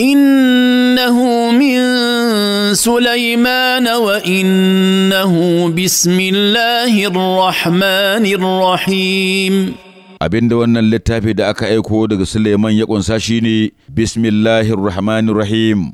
انه من سليمان وانه بسم الله الرحمن الرحيم abinda wannan littafi da aka aiko daga Suleiman ya ƙunsa shine bismillahir rahmanir rahim